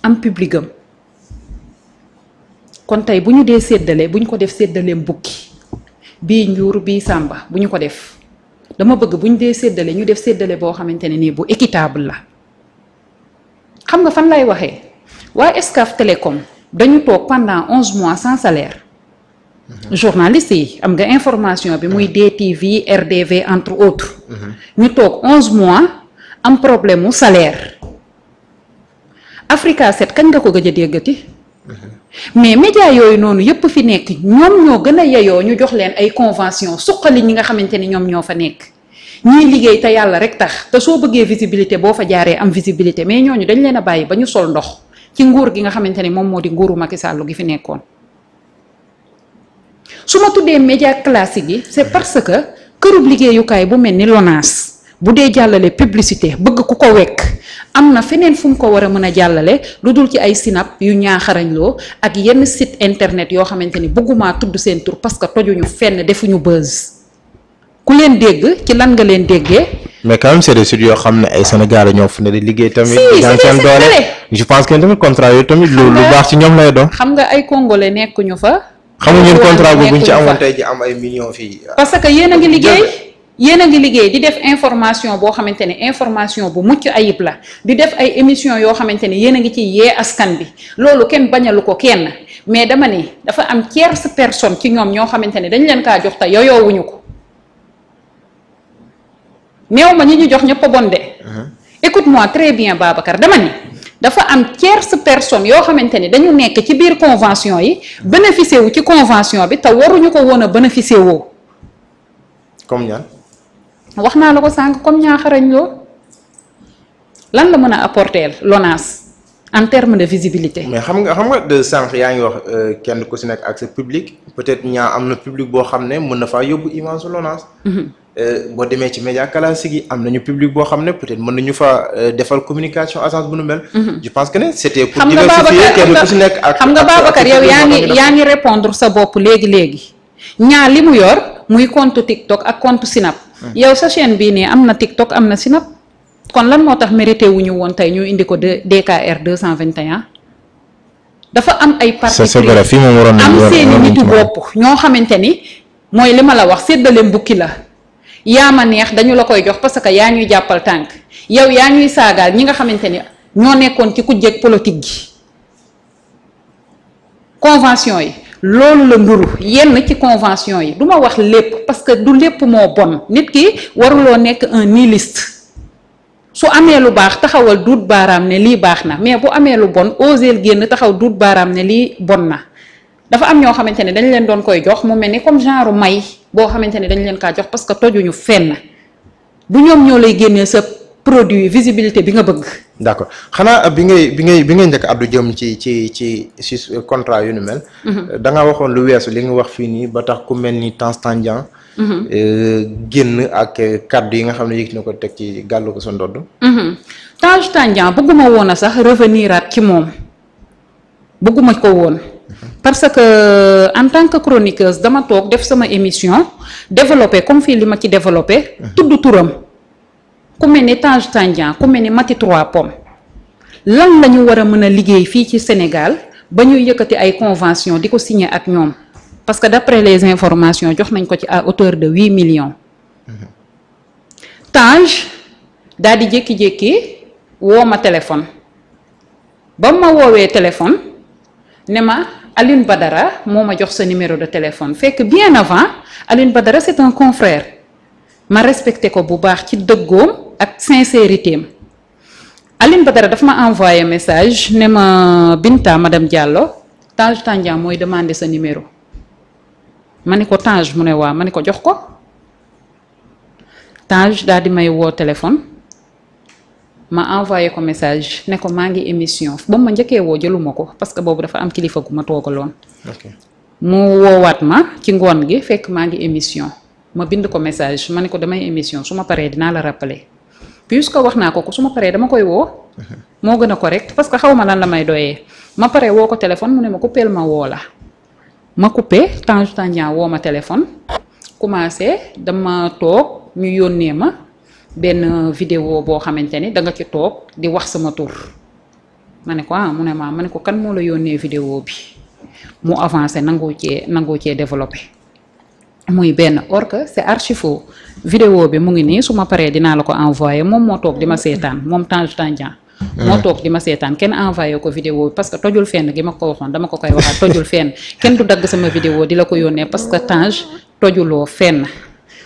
am public kon tey bu ñu dee séddale bu ñu ko def séddaleem bukki bii njur bii sàmba bu ñu ko def dama bëgg bu ñu dee séddale ñu def séddale boo xamante ne nii bu équitable la xam nga fan lay waxee waa Excaf Télécom dañu toog pendant onze mois sans salaire mhm. journaliste yi am nga information bi muy mhm. DTV RDV entre autres mhm. ñu toog onze mois am problème mu salaire Africa set kañ nga ko gëj a déggati mhm. mais média yooyu noonu yëpp fi nekk ñoom ñoo gën a yeyoo ñu jox leen ay convention suqali ñi nga xamante ni ñoom ñoo fa nekk ñii liggéey te yàlla rek tax te soo bëggee visibilité boo fa jaaree am visibilité mais ñooñu dañ leen a bàyyi ba ñu sol ndox ci nguur gi nga xamante ni moom moo di nguuru Macky Sall gi fi nekkoon su ma tuddee média classique yi c'est mhm. parce que kërub liggéeyukaay bu mel ni bu dee jàllale publicité bëgg ku ko wekk am na feneen fu ko war a mën a jàllale lu dul ci ay sinap yu ñaaxarañloo ak yenn sit internet yoo xamante ni bëgguma tudd seen tur parce que tojuñu fenn defuñu buzz ku leen dégg ci lan nga leen déggee. mais quand même c'est yoo xam ne ay Sénégal ñoo fu ne di liggéey tamit. si doole je pense que tamit contrat yooyu tamit. lu baax ci ñoom lay doon. xam nga ay congolais nekkuñu fa. xamuñu contrat boobu ñu ci amoon tey ji am ay millions fii. parce que a ngi liggéey. yéen a ngi liggéey di def information boo xamante ne information bu mucc ayib la di def ay émission yoo xamante ni yéen a ngi ci yee askan bi loolu kenn bañalu ko kenn mais dama ne dafa am tierce personne ci ñoom ñoo xamante ne dañ leen kaa jox te yoyoowuñu ko néew ma ñu jox ñëpp a bon de. Uh-huh. écoute-moi très ni dafa am tierce personne yoo xamante ne dañu nekk ci biir convention yi bénéficier wu ci convention bi te waruñu ko woon a bénéficier woo. comme ñaan. wax naa la ko sànq comme ñaaxarañ loo lan la mën a apporter l'ONAS en terme de visibilité. mais xam nga xam nga de sànq yaa ngi wax euh, kenn ku si nekk ak sa public peut-être ñaa am na public boo xam ne mën na faa yóbbu image l'ONAS. Mhm. Euh, boo demee ci média classique yi am nañu public boo xam ne peut-être mën nañu fa euh, defal communication agence bu mhm. je pense que ne c'était pour diversifier kenn ku si nekk ak xam nga Babacar yow ngi yaa sa bopp léegi léegi ñaa li mu yor muy compte TikTok ak compte Snap. yow sa chaîne bii nii am na TikTok am na si Snap kon lan moo tax mérité wu ñu woon tey ñu indi ko de DKR 221. dafa am ay parties am seeni nitu bopp ñoo xamante ni mooy li ma la wax séddale mbukki la yaa ma neex dañu la koy jox parce que yaa ñuy jàppal tànk yow yaa ñuy saagaal ñi nga xamante ni ñoo nekkoon ci ku jeeg politique gi convention yi loolu la nduru yenn ci convention yi du ma wax lépp parce que du lépp moo bon nit ki waruloo nekk un nilis su amee lu baax taxawal duut baaraam ne lii baax na mais bu amee lu bon oseel génn taxaw duut baaraam ne lii bon na dafa am ñoo xamante ne dañ leen doon koy jox mu mel ni comme genre may boo xamante ne dañu leen kaa jox parce que tojuñu fenn du ñoom ñoo lay génnee sa produit visibilité bi nga bëgg. d' accord xanaa bi ngay bi ngay bi ngay njëkk addu jëm ci ci ci ci contrat yu nu mel. Mhm. da waxoon lu weesu li nga wax fii nii ba tax ku mel ni Tange Tandian. Mhm. Euh, génn ak kàddu yi nga xam ne yëg na ko teg ci gàllu ko sa ndodd. Mhm. Tange Tandian bëgguma woon a sax revenir at ci moom bëgguma ko woon. parce que en tant que chroniqueuse dama toog def sama émission développé comme fii li ma ci développé. tudd turam. ku mel ne Tange Tandian ku mel Trois Pommes lan la ñu war a mën a liggéey fii ci Sénégal ba ñuy yëkkati ay convention di ko signé ak ñoom parce que d'après les informations jox nañ ko ci à hauteur de huit millions Tange dal di jékki-jékki woo ma téléphone ba ma woowee téléphone ne ma ba dara moo ma jox sa numéro de téléphone fekk bien avant Aline Badara c'est un confrère ma respecté ko bu baax ci dëggoom ak sincérité am Aline Badara dafa ma envoyé message ne ma Binta dem Diallo Tange Tandian mooy demande sa numéro ma ne ko Tange mu ne waa ma ne ko jox ko Tange daal di may woo téléphone ma envoyé ko message ne ko maa ngi émission ba ma njëkkee woo jëluma ko parce que boobu dafa am kilifa gu ma toogaloon. Okay. mu woowaat ma ci ngoon gi fekk maa ngi émission ma bind ko message ma ne ko damay émission su ma paree dinaa la rappeler. puis puisque wax naa ko ko su ma paree dama koy woo. moo gën a correct parce que xaw ma lan la may doyee ma pare woo ko téléphone mu ne ma coupeel ma woo la ma coupé Tange Tandian woo ma téléphone commencé dama toog ñu yónnee ma benn vidéo boo xamante ne da nga ci toog di wax sama tur ma ne ko ah mu ne ma ma ne ko kan moo la yónnee vidéo bi mu avancé nangoo cee nangoo cee développé. muy benn or que c'est archi faux bi mu ngi nii su ma paree dinaa la ko envoyé moom moo toog di ma seetaan moom Tange Tandian ah. moo toog di ma seetaan kenn envoyé ko video bi parce que tojul fenn gi ma ko waxoon dama ko koy waxaat tojul fenn kenn du dagg sama vidéo di la ko yónnee parce que Tange tojuloo fenn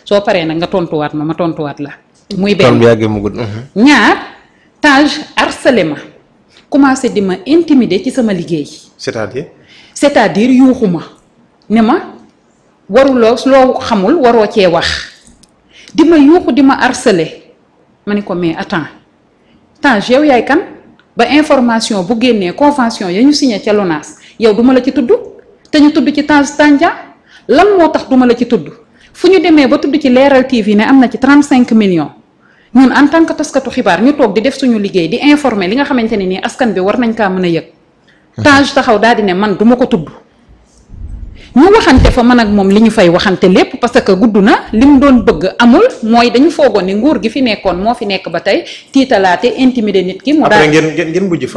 soo paree nag nga tontuwaat ma ma tontuwaat la muy benn ñaar Tange harcelé ma commencé di ma intimider ci sama liggéey c'est-à-dire cest waruloo loo xamul waroo cee wax di ma yuuxu di ma harceler ma ni ko mais attends Tange yow yaay kan ba information bu génnee convention ya ñu signé ca LONASE yow duma la ci tudd te ñu tudd ci Tange Tandian lan moo tax duma la ci tudd fu ñu demee ba tudd ci leeral TV ne am na ci 35 millions ñun en tant que taskatu xibaar ñu toog di def suñu liggéey di informer li nga xamante ni nii askan bi war nañ kaa mën a yëg Tange taxaw daal di ne man duma ko tudd ñu waxante fa man ak moom li ñu fay waxante lépp parce que gudd na li mu doon bëgg amul mooy dañu foogoon ni nguur gi fi nekkoon moo fi nekk ba tey tiitalaate intimider nit ki. mu daal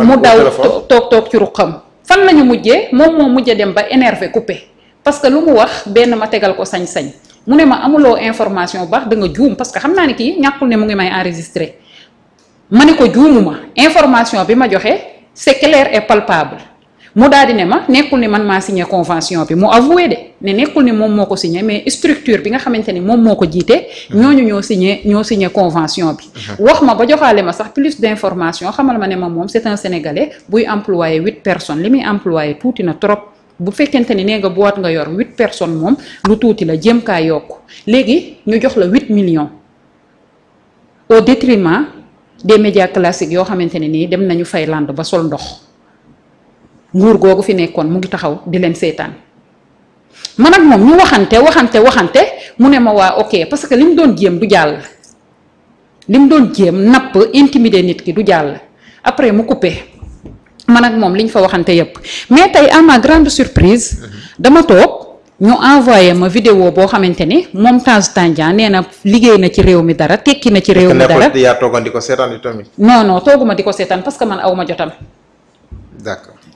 mu daw toog toog ci ruqam. fan lañu mujjee moom moo mujjee dem ba énervé coupé parce que lu mu wax benn ma tegal ko sañ-sañ mu ne ma amuloo information bu baax da nga juum parce que xam naa ne kii ñàkkul ne mu ngi may enregistré ma ne ko juumu ma information bi ma joxee c'est clair et palpable. mu daal di ne ma nekkul ni man maa signé convention bi mu avoué de ne nekkul ni moom moo ko signé mais structure bi nga xamante ni moom moo ko jiite. ñooñu ñoo siñe ñoo siñe convention bi. Mhm. wax ma ba joxaale ma sax plus d' information xamal ma ne ma moom c' est un sénégalais buy employé huit personnes li muy employé tuuti na trop. bu fekkente ni nee nga boîte nga yor huit personnes moom lu tuuti la jéem kaa yokk léegi ñu jox la huit million au détriment des médias yoo xamante ne nii dem nañu fay land ba sol ndox. nguur googu fi nekkoon mu ngi taxaw di leen seetaan man ak moom ñu waxante waxante waxante mu ne ma waa ok parce que li mu doon jéem du jàll li mu doon jéem napp intimider nit ki du jàll après mu coupé man ak moom li ñu fa waxante yépp mais tey am ma grande surprise mhm. dama toog. ñu envoyé ma vidéo boo xamante ni moom Tange Tandian nee na liggéey na ci réew mi dara tekki na ci réew mi dara yaa toogoon di ko seetaan tamit. non non tooguma di ko seetaan parce que man aw ma jotam.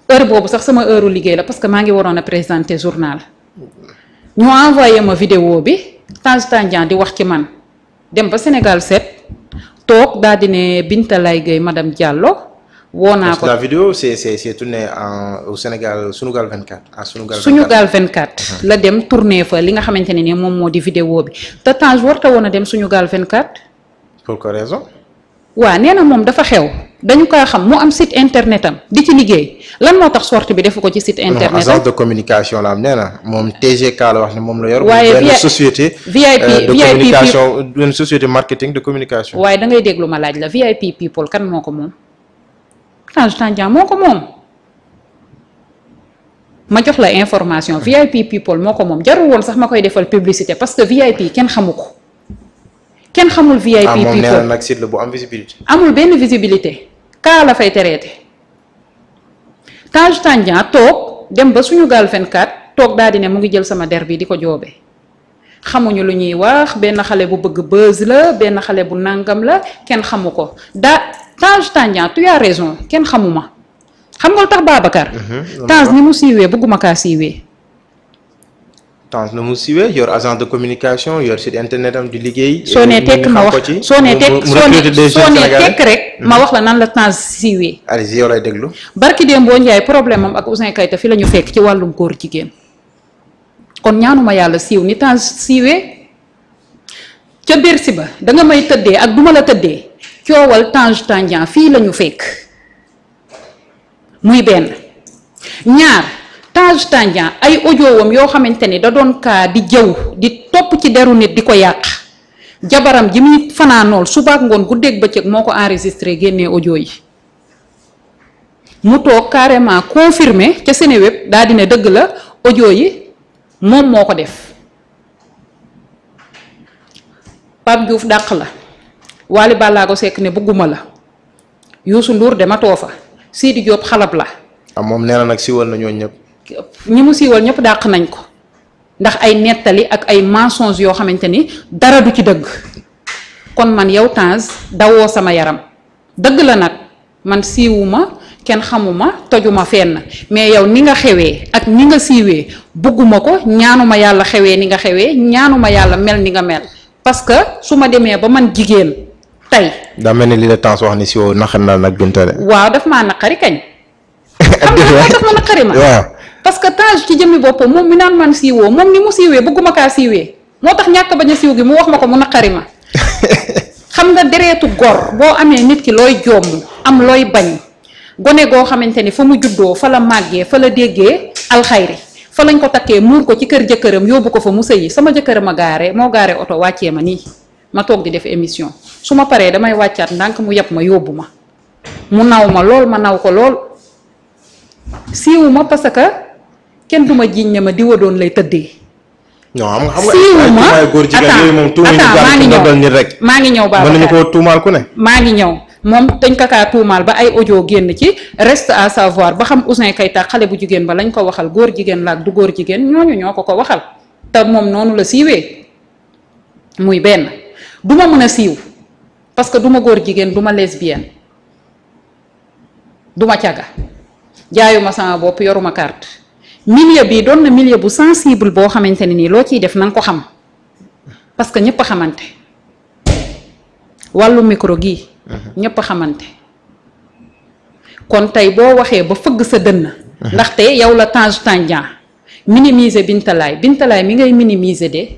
heure boobu sax sama heure liggéey la parce que maa ngi waroon a présenter journal ñu envoyé ma vidéo bi Tange Tandian di wax ci man dem ba Sénégal set toog daal di ne Binta Laye Gueye madame Diallo woo naa ko la vidéo c'est c'est c'est tourné en au Sénégal Sunugal 24 ah la dem tourné fa li nga xamante ne ne moom moo di vidéo bi te Tange warta woon a dem Sunugal 24. pour quelle raison. waa neena moom dafa xew dañu kaa xam mu am site internet am di ci liggéey lan moo tax sortie bi defu ko ci site euh, internet am agence de communication la am nee na moom la wax ne moom la yor. waaye benn société. VIP euh, de communication benn société waaye da déglu ma laaj la VIP people kan moo ko moom Tange Tandian moo ko moom ma jox la information VIP people moo ko moom jarul woon sax ma koy defal publicité parce que VIP kenn xamu ko. kenn xamul VIP. ah moom nee bu am visibilité. amul benn visibilité kaa la fay tereete Tange Tandian toog dem ba suñu gaal 24 toog daal di ne mu ngi jël sama der bi di ko joobe xamuñu lu ñuy wax benn xale bu bëgg buzz la benn xale bu nàngam la kenn xamu ko da Tange Tandian tu as raison kenn xamuma xam nga lu tax Babacar. Mhm, Tange ni mu siiwee bëgguma kaa siiwee. Tange na mu siwee yor agence de communication yor site internet am di liggéey. soo nee tekk ma wax soo nee tekk soo nee tekk rek. Mm-hmm. ma wax la nan la Tange siwee. allez yow lay déglu. barki Dembo Ndiaye problème am ak Ouzin Keita fi la ñu fekk ci wàllum góor jigéen kon ñaanuma yàlla siiw ni Tange siwee ca Bercy ba da nga may tëddee ak duma la tëddee coowal Tange Tandian fii la ñu fekk muy benn ñaar. Tange Tandian ay audio yoo xamante ni da doon kaa di jëw di topp ci deru nit di ko yàq jabaram ji muy fanaanool subaak ngoon guddeeg bëccëg moo ko enregistré génnee audio yi mu toog carrément confirmé ca Seneweb daa dina dëgg la audio yi moom moo ko def Pape Diouf dàq la Waly Ballago Seck ne bëgguma la Youssou Ndour dematoo fa Sidi Diop xalab la. ah moom nee na si siwal na ñooñu ñëpp. ñi mu siiwal ñëpp dàq nañ ko ndax ay nettali ak ay mensonges yoo xamante ni dara du ci dëgg kon man yow Tange dawoo sama yaram dëgg la nag man siiwuma kenn xamuma tojuma fenn mais yow ni nga xewee ak ni nga siiwee bëgguma ko ñaanuma yàlla xewee ni nga xewee ñaanuma yàlla mel ni nga mel parce que su ma demee ba man jigéen tey. daa mel ni la Tange wax ni si woo naqar naa nag Binta de. waaw daf maa naqari kañ. xam nga daf ma naqari ma parce que Tange ci jëmmi boppam moom mi naan man siiwoo moom ni mu siiwee bëgguma kaa siiwee moo tax ñàkk bañ a siiw gi mu wax ma ko mu naqari ma xam nga dereetu gor boo amee nit ki looy jomm am looy bañ gone goo xamante ni fa mu juddoo fa la màggee fa la déggee alxayri fa lañ ko takkee muur ko ci kër jëkkëram yóbbu ko fa mu sëyi sama jëkkëram a gaare moo gaare oto wàccee ma nii ma toog di def émission su ma paree damay wàccaat ndànk mu yab ma yóbbu ma mu ma lool ma naw ko lool kenn du ma jiiñ ne ma diwa doon lay tëddee. non xam nga xam nga ay maa ngi ñëw Babacar mën nañu koo tuumaal ku ne. maa ngi ñëw moom dañ ko kaa tuumaal ba ay audio génn ci reste à savoir ba xam Ouzin Keita xale bu jigéen ba lañ ko waxal góor jigéen laa du góor jigéen ñooñu ñoo ko ko waxal te moom noonu la siiwee muy benn du mën a siiw parce que du ma góor jigéen du ma lesbienne du ma caga jaayuma sama bopp yoruma kart milieu bii doon na millier bu sensible boo xamante ne nii loo ciy def na ko xam parce que ñëpp xamante wàllu micro gi mhm. ñëpp xamante kon tey boo waxee ba fëgg sa dënn mhm. ndaxte yow la Tange Tandian minimiser Bintalaay Bintalaay mi ngay minimiser de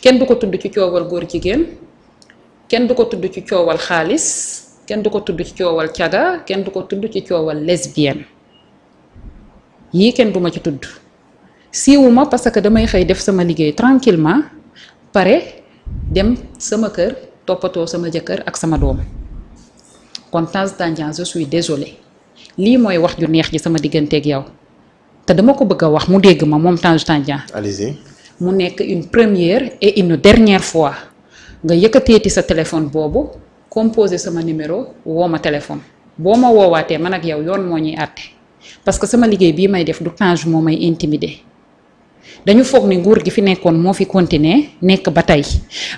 kenn du ko tudd ci coowal góor jigéen kenn du ko tudd ci coowal xaalis kenn du ko tudd ci coowal caga kenn du ko tudd ci coowal lesbienne yii kenn duma ci tudd siiwuma parce que damay xëy def sama liggéey tranquillement pare dem sama kër toppatoo sama jëkkër ak sama doom kon Tange Tandian je suis désolé lii mooy wax ju neex ji sama digganteeg yow te dama ko bëgg a wax mu dégg ma moom Tange Tandian mu nekk une première et une dernière fois nga yëkkateeti sa téléphone boobu composé sama numéro woo ma téléphone boo ma woowaatee man ak yow yoon moo ñuy àtte parce que sama liggéey bii may def du Tange moo may intimider dañu foog ni nguur gi fi nekkoon moo fi continuer nekk ba tey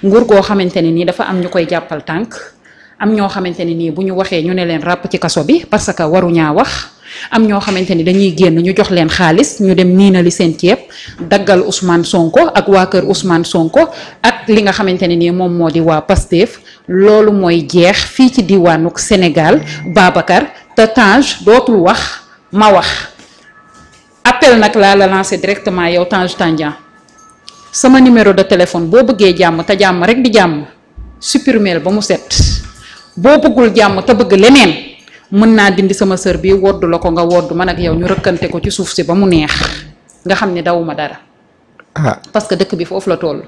nguur goo xamante ne nii dafa am ñu koy jàppal tànk am ñoo xamante ne nii bu ñu waxee ñu ne leen ràpp ci kaso bi parce que waruñaa wax am ñoo xamante ni dañuy génn ñu jox leen xaalis ñu dem li seen ceeb daggal Ousmane Sonko ak waa kër Ousmane Sonko ak li nga xamante ne nii moom moo di waa Pastef loolu mooy jeex fii ci diwaanuk Sénégal ma wax appel nag laa la lancé directement yow Tange Tandian sama numéro de téléphone boo bëggee jàmm te jàmm rek di jàmm supprimer ba mu set boo bëggul jàmm te bëgg leneen mën naa dindi sama sër bi woddu la ko nga woddu man ak yow ñu rëkkante ko ci suuf si ba mu neex nga xam ne dawuma dara. ah parce que dëkk bi foofu la toll.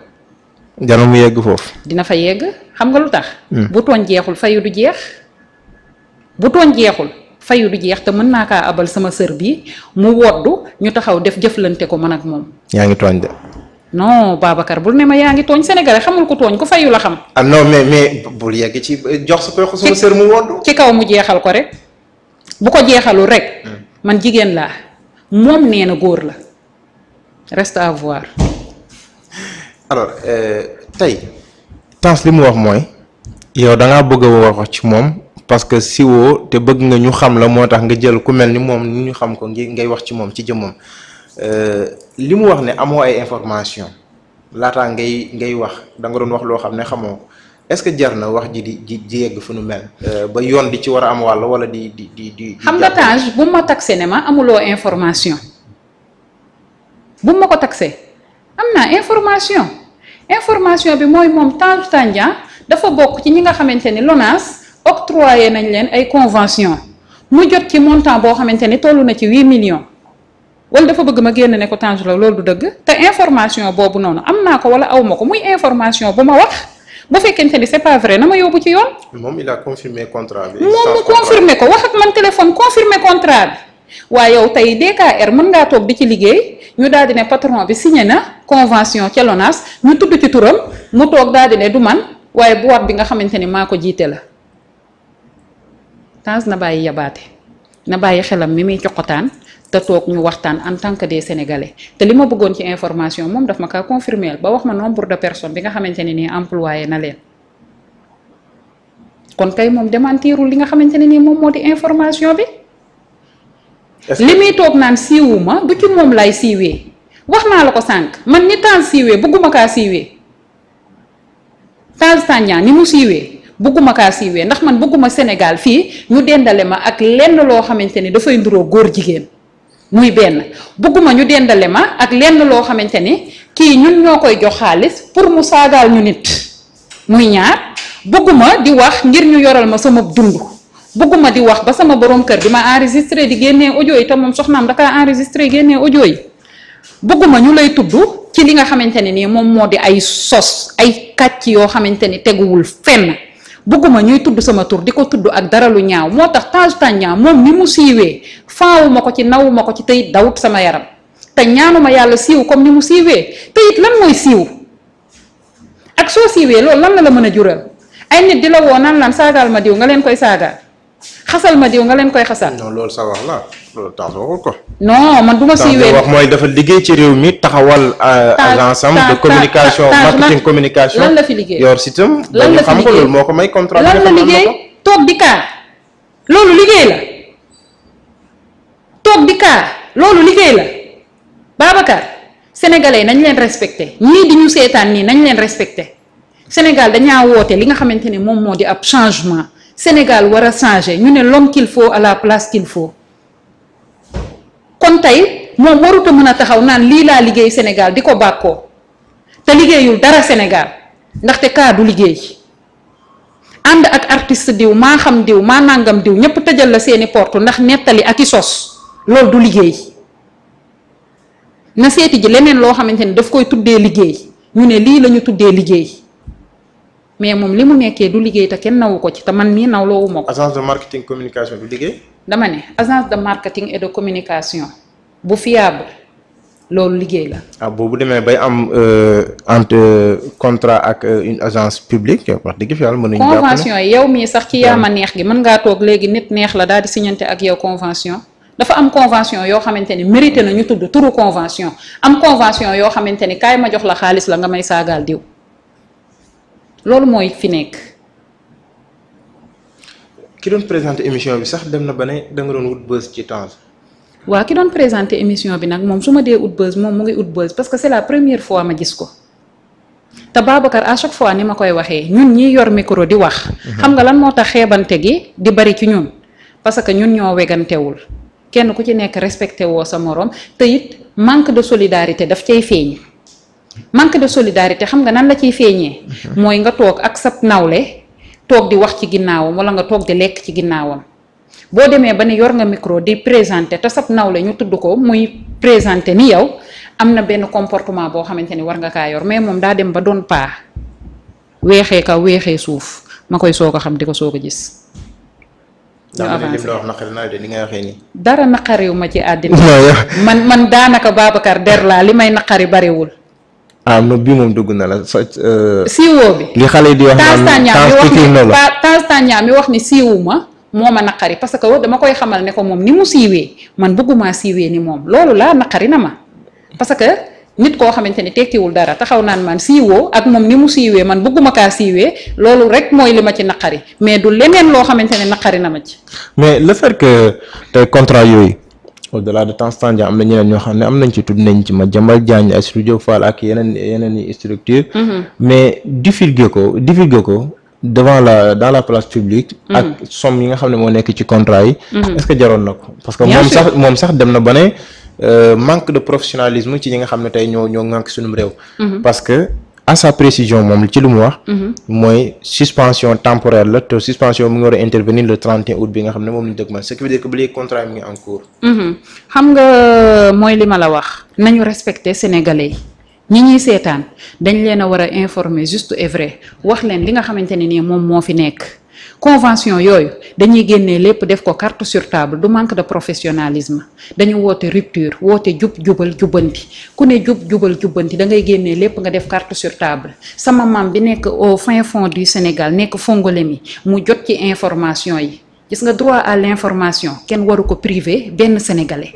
jarul mu yegg foofu. dina fa yegg xam nga lu tax. Hmm. bu tooñ jeexul fayu du jeex bu tooñ jeexul. fayu du jeex te mën naa kaa abal sama sër bi mu woddu ñu taxaw def jëflante ko mën ak moom. yaa ngi tooñ de. non Babacar bul ne ma yaa ngi tooñ Sénégalais xamul ko tooñ ku fayu la xam. ah non mais mais bul yegg ci euh, jox sama sër mu woddu. ci kaw mu jeexal ko rek bu ko jeexalu rek. Hmm. man jigéen laa moom nee na góor la reste à voir. Euh, tey. Tange li mu wax mooy. yow da ngaa bëgg a wax ci moom. parce que siwoo te bëgg nga ñu xam la moo tax nga jël ku mel ni moom nu ñu xam ko ngi ngay wax ci moom ci jëmmam euh, li mu wax ne amoo ay information laataa ngay ngay wax danga doon wax loo xam ne xamoo ko est-ce que jar na wax ji di di di yegg fu nu mel. Euh, ba yoon di ci war a am wàll wala di di di di. xam nga Tange bu ma taxé ne ma amuloo information bu ma ko taxé am naa information information bi mooy moom Tange Tandian dafa bokk ci ñi nga xamante ni LONASE octroyé nañ leen ay convention mu jot ci montant boo xamante ni toll na ci huit million wala dafa bëgg ma génn ne ko Tangelo loolu du dëgg te information boobu noonu am naa ko wala aw ko muy information bu ma wax bu fekkente ni c'est pas vrai na ma yóbbu ci yoon. moom il a confirmé contra bi. moom mu confirmé ko wax ak man téléphone confirmé contrat bi. waaye yow tey DKR mën ngaa toog di ci liggéey ñu daal di ne patron bi signé na convention ca LONASE tudd ci turam mu toog daal di ne du man waaye boîte bi nga xamante ni maa ko jiite la. Tange na bàyyi yabaate na bàyyi xelam mi muy coqotaan te toog ñu waxtaan en tant que des sénégalais te li ma bëggoon ci information moom daf ma kaa confirmer ba wax ma nombre de personnes bi nga xamante ne nii employé na leen kon kay moom démentirul li nga xamante ne nii moom moo di information bi. li muy toog naan siiwuma du ci moom lay siiwee wax naa la ko sànq man ni Tange siiwee bëgguma kaa siiwee Tange Tandian ni mu siiwee. bëgguma kaa siiwee ndax man bëgguma Sénégal fii ñu dendale ma ak lenn loo xamante ni dafay nduroo góor jigéen muy benn bëgguma ñu dendale ma ak lenn loo xamante ni kii ñun ñoo koy jox xaalis pour mu saagaal ñu nit muy ñaar bëgguma di wax ngir ñu yoral ma sama dund bëgguma di wax ba sama borom kër di ma enregistré di génne audio yi te moom soxnaam dakaa enregistré génne audio yi bëgguma ñu lay tudd ci li nga xamante ne nii moom moo di ay sos ay kàcc yoo xamante ni teguwul fenn bëgguma ñuy tudd sama tur di ko tudd ak dara lu ñaaw moo tax Tange Tandian moom ni mu siiwee faawuma ko ci nawuma ko ci tey dawut sama yaram te ma yàlla siiw comme ni mu siiwee tëyit lan mooy siiw ak soo siiwee loolu lan la la mën a jural ay nit di la woo naan laan saagaal ma diw nga leen koy saagaal xasal ma diw nga leen koy xasal. loolu sa wax la. loolu ko. non man du ma siy mooy dafa liggéey ci réew mi taxawal. Euh, agence am communication marketing communication. lan la fi liggéey yor la fi moo ko may contrat. lan la liggéey toog di kaar loolu liggéey la toog di kaar nañ leen respecté ñii di ñu seetaan nii nañ leen respecté Sénégal dañaa woote li nga xamante ni moom moo di ab changement Sénégal war a changer ñu ne l'homme qu'il faut à la place qu'il faut. kon tey moom warut a mën a taxaw naan lii laa liggéey Sénégal di ko bàkkoo te liggéeyul dara Sénégal ndaxte kaa du liggéey ànd ak artiste diw maa xam diw maa nàngam diw ñépp tëjal la seeni port ndax nettali ak i sos loolu du liggéey na seeti ji leneen loo xamante ni daf koy tuddee liggéey ñu ne lii la ñu tuddee liggéey mais moom li mu nekkee du liggéey te kenn nawu ko ci te man mii nawloowu ma ko. agence de marketing communication du liggéey. dama ne agence de marketing et de communication bu fiable loolu liggéey la. ah boobu demee bay am euh, entre contrat ak euh, une agence publique wax dëgg fi yàlla mën nañu. jàpp convention yow mii sax ci yaama neex gi mën ngaa toog léegi nit neex la daal di signante ak yow convention. dafa am convention yoo xamante ni mérité na ñu tudd turu convention am convention yoo xamante ni kaay ma jox la xaalis la nga may saagaal diw loolu mooy fi nekk. ki doon présenté émission bi sax dem na ba ne da nga doon wut buzz ci temps. waaw ki doon présenté émission bi nag moom su ma dee wut buzz moom mu ngi wut buzz parce que c'est la première fois ma gis ko. te Babacar à chaque fois ni ma koy waxee ñun ñi yor micro di wax. Mhm. xam nga lan moo tax xeebante gi di bari ci ñun. parce que ñun ñoo wegantewul kenn ku ci nekk respecté woo sa moroom te it manque de solidarité daf cay feeñ. manque de solidarité xam nga nan la ciy feeñee. Mhm. mooy nga toog ak sa nawle. toog di wax ci ginnaawam wala nga toog di lekk ci ginnaawam boo demee ba ni yor nga micro di présenté te sab nawle ñu tudd ko muy présenté ni yow am na benn comportement boo xamante ni war nga kaa yor mais moom daa dem ba doon paa weexee kaw weexee suuf ma koy soog a xam di ko soog a gis. dara naqariw ma ci àddina man man daanaka Babacar der laa li may naqari bariwul ah non bii moom dugg na la sa. Euh, siiwoo bi li xale di wax. naan Tanzania mi wax ni siiwu ma moo ma naqari parce que dama koy xamal ne ko moom ni mu siiwee man bëgguma siiwee ni moom loolu laa naqari na ma parce que. nit koo xamante ne tekkiwul dara taxaw naan man siiwoo ak moom ni mu siiwee man bëgguma kaa siiwee loolu rek mooy li ma ci naqari mais du leneen loo xamante ne naqari na ma ci. mais le fait que tey euh, contrat yooyu au delà de Tange Tandian am na ñeneen ñoo xam ne am nañ ci tudd nañ ci ma Jambal Diagne ay studio Fall ak yeneen yeneen i structure mm-hmm. mais divulguer ko divulguer ko devant la dans la place publique mm-hmm. ak somme yi nga xam ne moo nekk ci contrat yi mm-hmm. est-ce que jaroon na ko parce que moom sax moom sax dem na ba ne euh, manque de professionnalisme ci ñi nga xam ne tey ñoo ñoo ŋànk sunum réew parce que à sa précision moom ci lu mu wax. Mhm. mooy suspension temporaire la te suspension mu ngi war a intervenir le 31 août bi nga xam ne moom lañ dëgmal ce qui que ba léegi contrat mu ngi en cours. Mhm. xam nga euh, mooy li ma la wax nañu respecter sénégalais yi ñi ñuy seetaan dañ leen a war a informer juste et wax leen li nga xamante ni nii moom moo fi nekk. convention yooyu dañuy génne lépp def ko carte sur table du manque de professionnalisme dañu woote rupture woote jub jubal jubbanti ku ne jub jubal jubbanti da ngay génnee lépp nga def carte sur table sama maam bi nekk au fin fond du Sénégal nekk Fongolemi mu jot ci information yi gis nga droit à l'information kenn waru ko privé benn sénégalais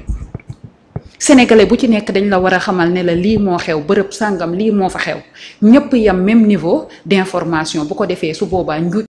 sénégalais bu ci nekk dañ la war a xamal ne la lii moo xew bërëb sàngam lii moo fa xew ñëpp yam même niveau d'information bu ko defee su